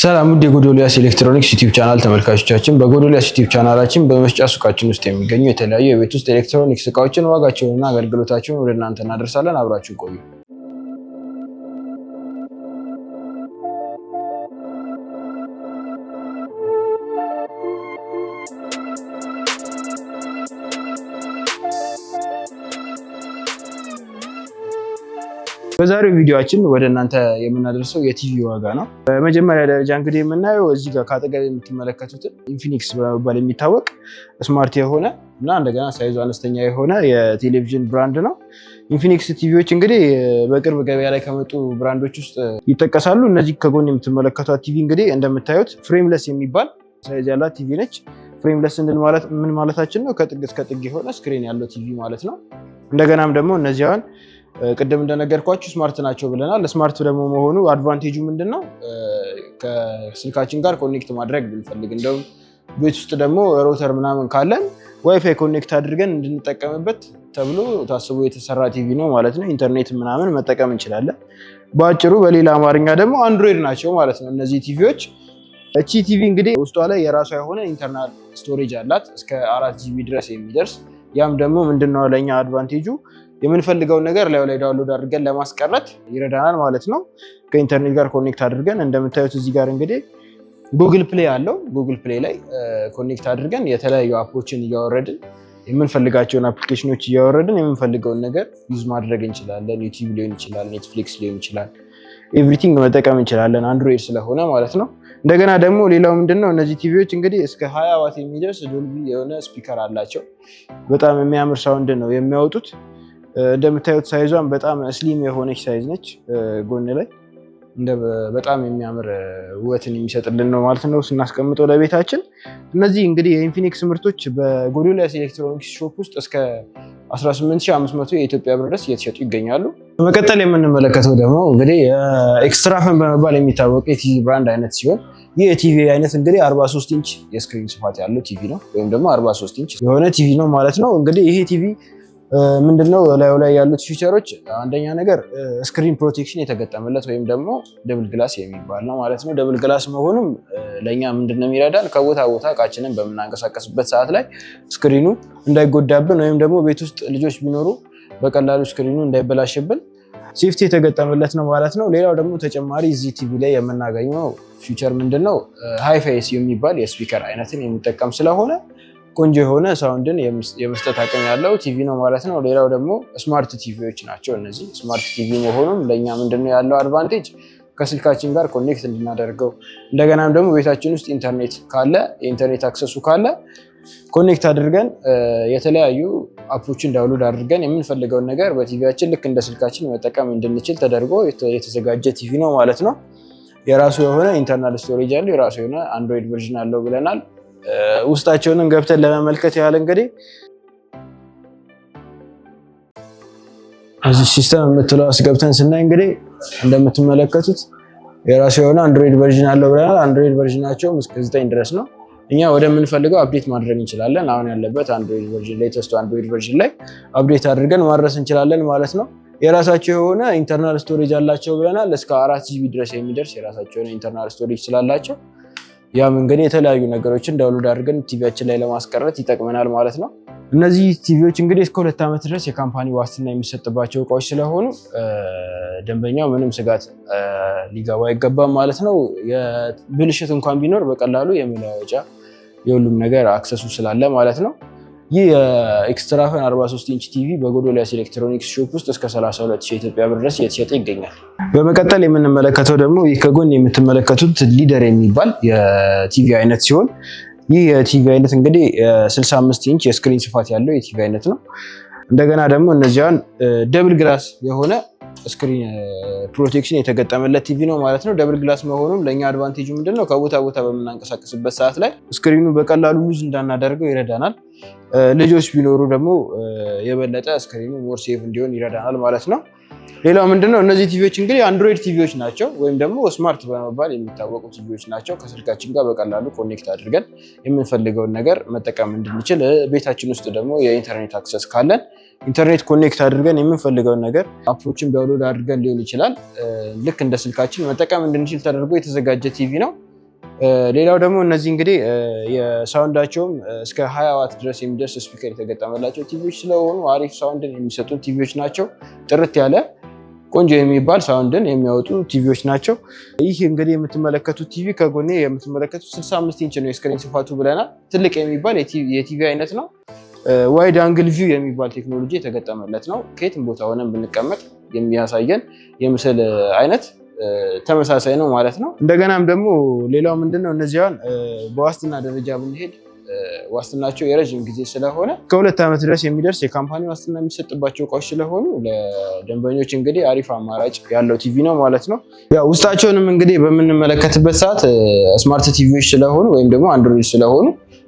ሰላም ውድ የጎዶልያስ ኤሌክትሮኒክስ ዩቲዩብ ቻናል ተመልካቾቻችን፣ በጎዶልያስ ዩቲዩብ ቻናላችን በመስጫ ሱቃችን ውስጥ የሚገኙ የተለያዩ የቤት ውስጥ ኤሌክትሮኒክስ እቃዎችን ዋጋቸውንና አገልግሎታቸውን ወደ እናንተ እናደርሳለን። አብራችሁ ቆዩ። በዛሬው ቪዲዮችን ወደ እናንተ የምናደርሰው የቲቪ ዋጋ ነው። በመጀመሪያ ደረጃ እንግዲህ የምናየው እዚህ ጋር ከአጠገብ የምትመለከቱትን ኢንፊኒክስ በመባል የሚታወቅ ስማርት የሆነ እና እንደገና ሳይዙ አነስተኛ የሆነ የቴሌቪዥን ብራንድ ነው። ኢንፊኒክስ ቲቪዎች እንግዲህ በቅርብ ገበያ ላይ ከመጡ ብራንዶች ውስጥ ይጠቀሳሉ። እነዚህ ከጎን የምትመለከቷት ቲቪ እንግዲህ እንደምታዩት ፍሬምለስ የሚባል ሳይዝ ያላት ቲቪ ነች። ፍሬምለስ ስንል ምን ማለታችን ነው? ከጥግ እስከ ጥግ የሆነ ስክሪን ያለው ቲቪ ማለት ነው። እንደገናም ደግሞ እነዚያን ቅድም እንደነገርኳችሁ ስማርት ናቸው ብለናል። ስማርት ደግሞ መሆኑ አድቫንቴጁ ምንድን ነው? ከስልካችን ጋር ኮኔክት ማድረግ ብንፈልግ እንደውም ቤት ውስጥ ደግሞ ሮተር ምናምን ካለን ዋይፋይ ኮኔክት አድርገን እንድንጠቀምበት ተብሎ ታስቦ የተሰራ ቲቪ ነው ማለት ነው። ኢንተርኔት ምናምን መጠቀም እንችላለን። በአጭሩ በሌላ አማርኛ ደግሞ አንድሮይድ ናቸው ማለት ነው እነዚህ ቲቪዎች። እቺ ቲቪ እንግዲህ ውስጧ ላይ የራሷ የሆነ ኢንተርናል ስቶሬጅ አላት እስከ አራት ጂቢ ድረስ የሚደርስ ያም ደግሞ ምንድነው ለእኛ አድቫንቴጁ የምንፈልገውን ነገር ላዩ ላይ ዳውንሎድ አድርገን ለማስቀረት ይረዳናል ማለት ነው። ከኢንተርኔት ጋር ኮኔክት አድርገን እንደምታዩት እዚህ ጋር እንግዲህ ጉግል ፕሌይ አለው። ጉግል ፕሌይ ላይ ኮኔክት uh, አድርገን የተለያዩ አፖችን እያወረድን የምንፈልጋቸውን አፕሊኬሽኖች እያወረድን የምንፈልገውን ነገር ዩዝ ማድረግ እንችላለን። ዩቲዩብ ሊሆን ይችላል፣ ኔትፍሊክስ ሊሆን ይችላል፣ ኤቭሪቲንግ መጠቀም እንችላለን አንድሮይድ ስለሆነ ማለት ነው። እንደገና ደግሞ ሌላው ምንድነው እነዚህ ቲቪዎች እንግዲህ እስከ ሀያ ዋት የሚደርስ ዶልቢ የሆነ ስፒከር አላቸው። በጣም የሚያምር ሳውንድ ነው የሚያወጡት። እንደምታዩት ሳይዟን በጣም ስሊም የሆነች ሳይዝ ነች። ጎን ላይ በጣም የሚያምር ውበትን የሚሰጥልን ነው ማለት ነው ስናስቀምጠው ለቤታችን። እነዚህ እንግዲህ የኢንፊኒክስ ምርቶች በጎዶልያስ ኤሌክትሮኒክስ ሾፕ ውስጥ እስከ 18500 የኢትዮጵያ ብር ድረስ እየተሸጡ ይገኛሉ። በመቀጠል የምንመለከተው ደግሞ እንግዲህ ኤክስትራ ፈን በመባል የሚታወቅ የቲቪ ብራንድ አይነት ሲሆን ይህ የቲቪ አይነት እንግዲህ 43 ኢንች የስክሪን ስፋት ያለው ቲቪ ነው፣ ወይም ደግሞ 43 ኢንች የሆነ ቲቪ ነው ማለት ነው። እንግዲህ ይሄ ቲቪ ምንድነው ላዩ ላይ ያሉት ፊቸሮች፣ አንደኛ ነገር ስክሪን ፕሮቴክሽን የተገጠመለት ወይም ደግሞ ደብል ግላስ የሚባል ነው ማለት ነው። ደብል ግላስ መሆኑም ለእኛ ምንድነው የሚረዳን ከቦታ ቦታ እቃችንን በምናንቀሳቀስበት ሰዓት ላይ ስክሪኑ እንዳይጎዳብን ወይም ደግሞ ቤት ውስጥ ልጆች ቢኖሩ በቀላሉ ስክሪኑ እንዳይበላሽብን ሴፍቲ የተገጠመለት ነው ማለት ነው። ሌላው ደግሞ ተጨማሪ እዚህ ቲቪ ላይ የምናገኘው ፊቸር ምንድነው ሃይፋይስ የሚባል የስፒከር አይነትን የሚጠቀም ስለሆነ ቆንጆ የሆነ ሳውንድን የመስጠት አቅም ያለው ቲቪ ነው ማለት ነው። ሌላው ደግሞ ስማርት ቲቪዎች ናቸው እነዚህ። ስማርት ቲቪ መሆኑም ለእኛ ምንድነው ያለው አድቫንቴጅ ከስልካችን ጋር ኮኔክት እንድናደርገው እንደገናም ደግሞ ቤታችን ውስጥ ኢንተርኔት ካለ የኢንተርኔት አክሰሱ ካለ ኮኔክት አድርገን የተለያዩ አፖችን ዳውንሎድ አድርገን የምንፈልገውን ነገር በቲቪያችን ልክ እንደ ስልካችን መጠቀም እንድንችል ተደርጎ የተዘጋጀ ቲቪ ነው ማለት ነው። የራሱ የሆነ ኢንተርናል ስቶሬጅ አለው። የራሱ የሆነ አንድሮይድ ቨርዥን አለው ብለናል። ውስጣቸውንም ገብተን ለመመልከት ያህል እንግዲህ እዚህ ሲስተም የምትለው አስገብተን ስናይ እንግዲህ እንደምትመለከቱት የራሱ የሆነ አንድሮይድ ቨርዥን አለው ብለናል። አንድሮይድ ቨርዥናቸውም እስከ ዘጠኝ ድረስ ነው። እኛ ወደምንፈልገው አፕዴት ማድረግ እንችላለን። አሁን ያለበት አንድሮይድ ቨርዥን ሌተስቱ አንድሮይድ ቨርዥን ላይ አፕዴት አድርገን ማድረስ እንችላለን ማለት ነው። የራሳቸው የሆነ ኢንተርናል ስቶሬጅ አላቸው ብለናል። እስከ አራት ጂቢ ድረስ የሚደርስ የራሳቸው የሆነ ኢንተርናል ስቶሬጅ ስላላቸው ያ መንገድ የተለያዩ ነገሮችን ዳውንሎድ አድርገን ቲቪያችን ላይ ለማስቀረት ይጠቅመናል ማለት ነው። እነዚህ ቲቪዎች እንግዲህ እስከ ሁለት ዓመት ድረስ የካምፓኒ ዋስትና የሚሰጥባቸው እቃዎች ስለሆኑ ደንበኛው ምንም ስጋት ሊገባ አይገባም ማለት ነው። ብልሽት እንኳን ቢኖር በቀላሉ የመለዋወጫ የሁሉም ነገር አክሰሱ ስላለ ማለት ነው። ይህ የኤክስትራፋን 43 ኢንች ቲቪ በጎዶልያስ ኤሌክትሮኒክስ ሾፕ ውስጥ እስከ ሺህ ኢትዮጵያ ብር ድረስ እየተሸጠ ይገኛል። በመቀጠል የምንመለከተው ደግሞ ይህ ከጎን የምትመለከቱት ሊደር የሚባል የቲቪ አይነት ሲሆን ይህ የቲቪ አይነት እንግዲህ 65 ኢንች የስክሪን ስፋት ያለው የቲቪ አይነት ነው። እንደገና ደግሞ እነዚያን ደብል ግራስ የሆነ ስክሪን ፕሮቴክሽን የተገጠመለት ቲቪ ነው ማለት ነው። ደብል ግላስ መሆኑም ለእኛ አድቫንቴጁ ምንድን ነው? ከቦታ ቦታ በምናንቀሳቀስበት ሰዓት ላይ ስክሪኑ በቀላሉ ሉዝ እንዳናደርገው ይረዳናል። ልጆች ቢኖሩ ደግሞ የበለጠ ስክሪኑ ሞር ሴፍ እንዲሆን ይረዳናል ማለት ነው። ሌላው ምንድነው እነዚህ ቲቪዎች እንግዲህ አንድሮይድ ቲቪዎች ናቸው፣ ወይም ደግሞ ስማርት በመባል የሚታወቁ ቲቪዎች ናቸው። ከስልካችን ጋር በቀላሉ ኮኔክት አድርገን የምንፈልገውን ነገር መጠቀም እንድንችል፣ ቤታችን ውስጥ ደግሞ የኢንተርኔት አክሰስ ካለን ኢንተርኔት ኮኔክት አድርገን የምንፈልገውን ነገር አፖችን ዳውንሎድ አድርገን ሊሆን ይችላል ልክ እንደ ስልካችን መጠቀም እንድንችል ተደርጎ የተዘጋጀ ቲቪ ነው። ሌላው ደግሞ እነዚህ እንግዲህ የሳውንዳቸውም እስከ ሀያ ዋት ድረስ የሚደርስ ስፒከር የተገጠመላቸው ቲቪዎች ስለሆኑ አሪፍ ሳውንድን የሚሰጡ ቲቪዎች ናቸው ጥርት ያለ ቆንጆ የሚባል ሳውንድን የሚያወጡ ቲቪዎች ናቸው። ይህ እንግዲህ የምትመለከቱት ቲቪ ከጎኔ የምትመለከቱት 65 ኢንች ነው የስክሪን ስፋቱ ብለናል። ትልቅ የሚባል የቲቪ አይነት ነው። ዋይድ አንግል ቪው የሚባል ቴክኖሎጂ የተገጠመለት ነው። ከየትም ቦታ ሆነን ብንቀመጥ የሚያሳየን የምስል አይነት ተመሳሳይ ነው ማለት ነው። እንደገናም ደግሞ ሌላው ምንድነው እነዚያን በዋስትና ደረጃ ብንሄድ ዋስትናቸው የረዥም ጊዜ ስለሆነ ከሁለት ዓመት ድረስ የሚደርስ የካምፓኒ ዋስትና የሚሰጥባቸው እቃዎች ስለሆኑ ለደንበኞች እንግዲህ አሪፍ አማራጭ ያለው ቲቪ ነው ማለት ነው። ያው ውስጣቸውንም እንግዲህ በምንመለከትበት ሰዓት ስማርት ቲቪዎች ስለሆኑ ወይም ደግሞ አንድሮይድ ስለሆኑ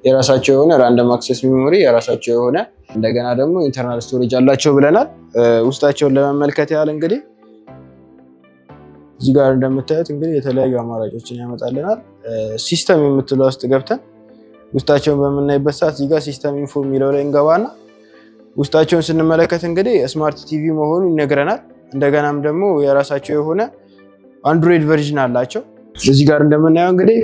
የራሳቸው የሆነ ራንደም አክሰስ ሚሞሪ የራሳቸው የሆነ እንደገና ደግሞ ኢንተርናል ስቶሬጅ አላቸው ብለናል። ውስጣቸውን ለመመልከት ያህል እንግዲህ እዚህ ጋር እንደምታዩት እንግዲህ የተለያዩ አማራጮችን ያመጣልናል። ሲስተም የምትለው ውስጥ ገብተን ውስጣቸውን በምናይበት ሰዓት እዚህ ጋር ሲስተም ኢንፎ የሚለው ላይ እንገባና ውስጣቸውን ስንመለከት እንግዲህ ስማርት ቲቪ መሆኑ ይነግረናል። እንደገናም ደግሞ የራሳቸው የሆነ አንድሮይድ ቨርዥን አላቸው። እዚህ ጋር እንደምናየው እንግዲህ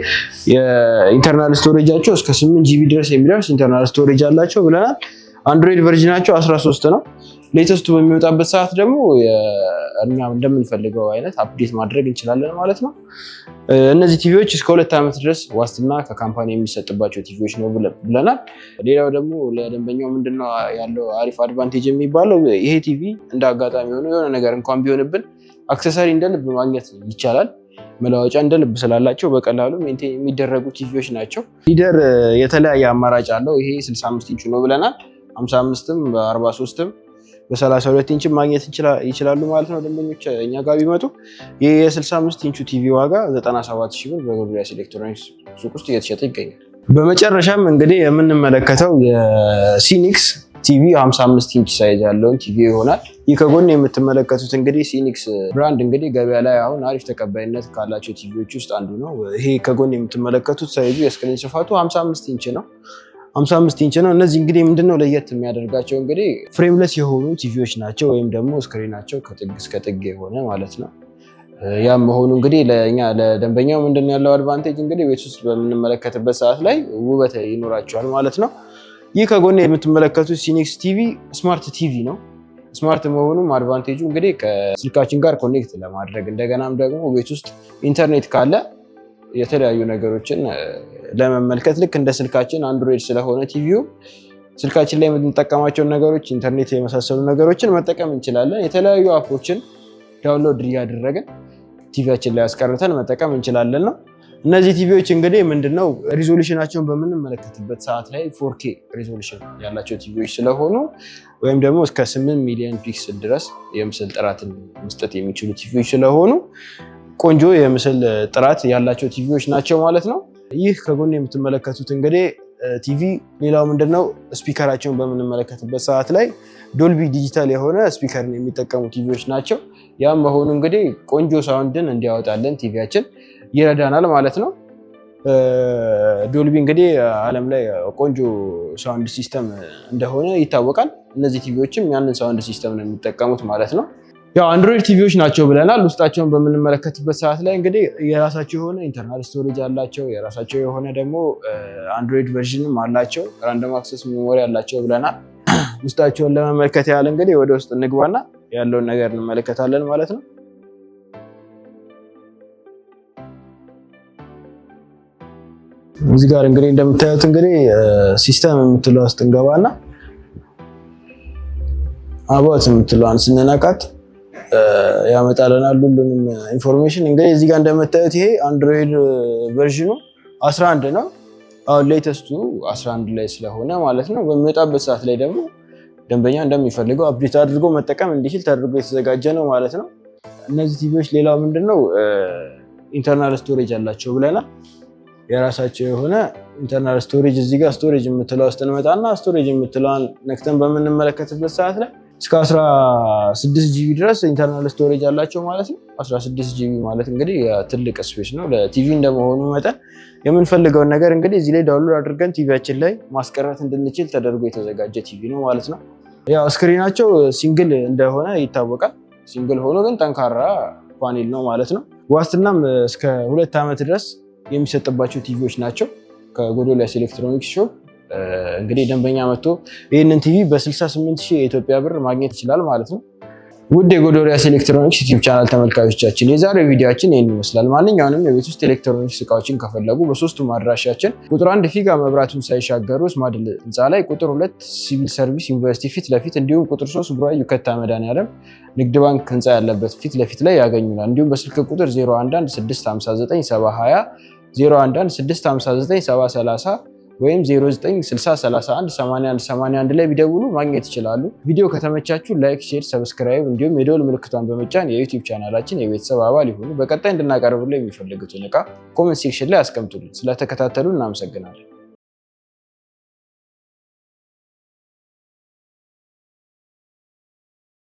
የኢንተርናል ስቶሬጃቸው እስከ ስምንት ጂቢ ድረስ የሚደርስ ኢንተርናል ስቶሬጅ አላቸው ብለናል። አንድሮይድ ቨርዥናቸው 13 ነው። ሌተስቱ በሚወጣበት ሰዓት ደግሞ እና እንደምንፈልገው አይነት አፕዴት ማድረግ እንችላለን ማለት ነው። እነዚህ ቲቪዎች እስከ ሁለት ዓመት ድረስ ዋስትና ከካምፓኒ የሚሰጥባቸው ቲቪዎች ነው ብለናል። ሌላው ደግሞ ለደንበኛው ምንድነው ያለው አሪፍ አድቫንቴጅ የሚባለው ይሄ ቲቪ እንደ አጋጣሚ ሆኖ የሆነ ነገር እንኳን ቢሆንብን አክሰሰሪ እንደ ልብ ማግኘት ይቻላል። መለዋወጫ እንደ ልብ ስላላቸው በቀላሉ ሜንቴን የሚደረጉ ቲቪዎች ናቸው። ሊደር የተለያየ አማራጭ አለው። ይሄ 65 ኢንቹ ነው ብለናል። 55ም 43ም በሰላሳ ሁለት ኢንች ማግኘት ይችላሉ ማለት ነው ደንበኞች እኛ ጋር ቢመጡ። ይህ የ65 ኢንቹ ቲቪ ዋጋ 97 ሺህ ብር በገብሪያስ ኤሌክትሮኒክስ ሱቅ ውስጥ እየተሸጠ ይገኛል። በመጨረሻም እንግዲህ የምንመለከተው የሲኒክስ ቲቪ 55 ኢንች ሳይዝ ያለውን ቲቪ ይሆናል። ይህ ከጎን የምትመለከቱት እንግዲህ ሲኒክስ ብራንድ እንግዲህ ገበያ ላይ አሁን አሪፍ ተቀባይነት ካላቸው ቲቪዎች ውስጥ አንዱ ነው። ይሄ ከጎን የምትመለከቱት ሳይዙ የስክሪን ስፋቱ 55 ኢንች ነው። 55 ኢንች ነው። እነዚህ እንግዲህ ምንድነው ለየት የሚያደርጋቸው እንግዲህ ፍሬምለስ የሆኑ ቲቪዎች ናቸው፣ ወይም ደግሞ ስክሪናቸው ከጥግ እስከ ጥግ የሆነ ማለት ነው። ያም መሆኑ እንግዲህ ለእኛ ለደንበኛው ምንድነው ያለው አድቫንቴጅ እንግዲህ ቤት ውስጥ በምንመለከትበት ሰዓት ላይ ውበት ይኖራቸዋል ማለት ነው። ይህ ከጎን የምትመለከቱት ሲኒክስ ቲቪ ስማርት ቲቪ ነው። ስማርት መሆኑም አድቫንቴጁ እንግዲህ ከስልካችን ጋር ኮኔክት ለማድረግ እንደገናም ደግሞ ቤት ውስጥ ኢንተርኔት ካለ የተለያዩ ነገሮችን ለመመልከት ልክ እንደ ስልካችን አንድሮይድ ስለሆነ ቲቪው ስልካችን ላይ የምንጠቀማቸውን ነገሮች ኢንተርኔት የመሳሰሉ ነገሮችን መጠቀም እንችላለን። የተለያዩ አፖችን ዳውንሎድ እያደረግን ቲቪያችን ላይ አስቀርተን መጠቀም እንችላለን ነው። እነዚህ ቲቪዎች እንግዲህ ምንድነው ሪዞሉሽናቸውን በምንመለከትበት ሰዓት ላይ ፎርኬ ሪዞሉሽን ያላቸው ቲቪዎች ስለሆኑ ወይም ደግሞ እስከ ስምንት ሚሊዮን ፒክስል ድረስ የምስል ጥራትን መስጠት የሚችሉ ቲቪዎች ስለሆኑ ቆንጆ የምስል ጥራት ያላቸው ቲቪዎች ናቸው ማለት ነው። ይህ ከጎን የምትመለከቱት እንግዲህ ቲቪ ሌላው ምንድነው ስፒከራቸውን በምንመለከትበት ሰዓት ላይ ዶልቢ ዲጂታል የሆነ ስፒከርን የሚጠቀሙ ቲቪዎች ናቸው። ያም መሆኑ እንግዲህ ቆንጆ ሳውንድን እንዲያወጣለን ቲቪያችን ይረዳናል ማለት ነው። ዶልቢ እንግዲህ ዓለም ላይ ቆንጆ ሳውንድ ሲስተም እንደሆነ ይታወቃል። እነዚህ ቲቪዎችም ያንን ሳውንድ ሲስተም ነው የሚጠቀሙት ማለት ነው። ያው አንድሮይድ ቲቪዎች ናቸው ብለናል። ውስጣቸውን በምንመለከትበት ሰዓት ላይ እንግዲህ የራሳቸው የሆነ ኢንተርናል ስቶሬጅ አላቸው። የራሳቸው የሆነ ደግሞ አንድሮይድ ቨርዥንም አላቸው። ራንደም አክሰስ ሜሞሪ አላቸው ብለናል። ውስጣቸውን ለመመልከት ያህል እንግዲህ ወደ ውስጥ እንግባና ያለውን ነገር እንመለከታለን ማለት ነው። እዚህ ጋር እንግዲህ እንደምታዩት እንግዲህ ሲስተም የምትለ ውስጥ እንገባና አባት የምትለዋን ስንነቃት ያመጣለናል ሁሉንም ኢንፎርሜሽን። እንግዲህ እዚህ ጋር እንደምታዩት ይሄ አንድሮይድ ቨርዥኑ 11 ነው። አሁን ሌተስቱ 11 ላይ ስለሆነ ማለት ነው። በሚወጣበት ሰዓት ላይ ደግሞ ደንበኛ እንደሚፈልገው አፕዴት አድርጎ መጠቀም እንዲችል ተደርጎ የተዘጋጀ ነው ማለት ነው። እነዚህ ቲቪዎች ሌላው ምንድን ነው ኢንተርናል ስቶሬጅ አላቸው ብለናል። የራሳቸው የሆነ ኢንተርናል ስቶሬጅ እዚህ ጋር ስቶሬጅ የምትለዋ ውስጥ እንመጣና ስቶሬጅ የምትለዋን ነክተን በምንመለከትበት ሰዓት ላይ እስከ 16 ጂቢ ድረስ ኢንተርናል ስቶሬጅ አላቸው ማለት ነው። 16 ጂቢ ማለት እንግዲህ ትልቅ ስፔስ ነው ለቲቪ እንደመሆኑ መጠን የምንፈልገውን ነገር እንግዲህ እዚህ ላይ ዳውንሎድ አድርገን ቲቪያችን ላይ ማስቀረት እንድንችል ተደርጎ የተዘጋጀ ቲቪ ነው ማለት ነው። ያው እስክሪናቸው ሲንግል እንደሆነ ይታወቃል። ሲንግል ሆኖ ግን ጠንካራ ፓኔል ነው ማለት ነው። ዋስትናም እስከ ሁለት ዓመት ድረስ የሚሰጥባቸው ቲቪዎች ናቸው ከጎዶልያስ ኤሌክትሮኒክስ ሾፕ እንግዲህ ደንበኛ መጥቶ ይህንን ቲቪ በ68 ሺህ የኢትዮጵያ ብር ማግኘት ይችላል ማለት ነው። ውድ የጎዶልያስ ኤሌክትሮኒክስ ዩቲዩብ ቻናል ተመልካቾቻችን የዛሬው ቪዲዮችን ይህን ይመስላል። ማንኛውንም የቤት ውስጥ ኤሌክትሮኒክስ እቃዎችን ከፈለጉ በሶስቱ አድራሻችን ቁጥር አንድ ፊጋ መብራቱን ሳይሻገሩ ስማድል ህንፃ ላይ፣ ቁጥር ሁለት ሲቪል ሰርቪስ ዩኒቨርሲቲ ፊት ለፊት እንዲሁም ቁጥር ሶስት ቡራ ዩከታ መድኃኔዓለም ንግድ ባንክ ህንፃ ያለበት ፊት ለፊት ላይ ያገኙናል። እንዲሁም በስልክ ቁጥር 011 659 720 011 659 730 ወይም 0960318181 ላይ ቢደውሉ ማግኘት ይችላሉ። ቪዲዮ ከተመቻችሁ ላይክ፣ ሼር፣ ሰብስክራይብ እንዲሁም የደወል ምልክቷን በመጫን የዩቲዩብ ቻናላችን የቤተሰብ አባል ይሁኑ። በቀጣይ እንድናቀርብ የሚፈልጉትን እቃ ኮሜንት ሴክሽን ላይ አስቀምጡልን። ስለተከታተሉ እናመሰግናለን።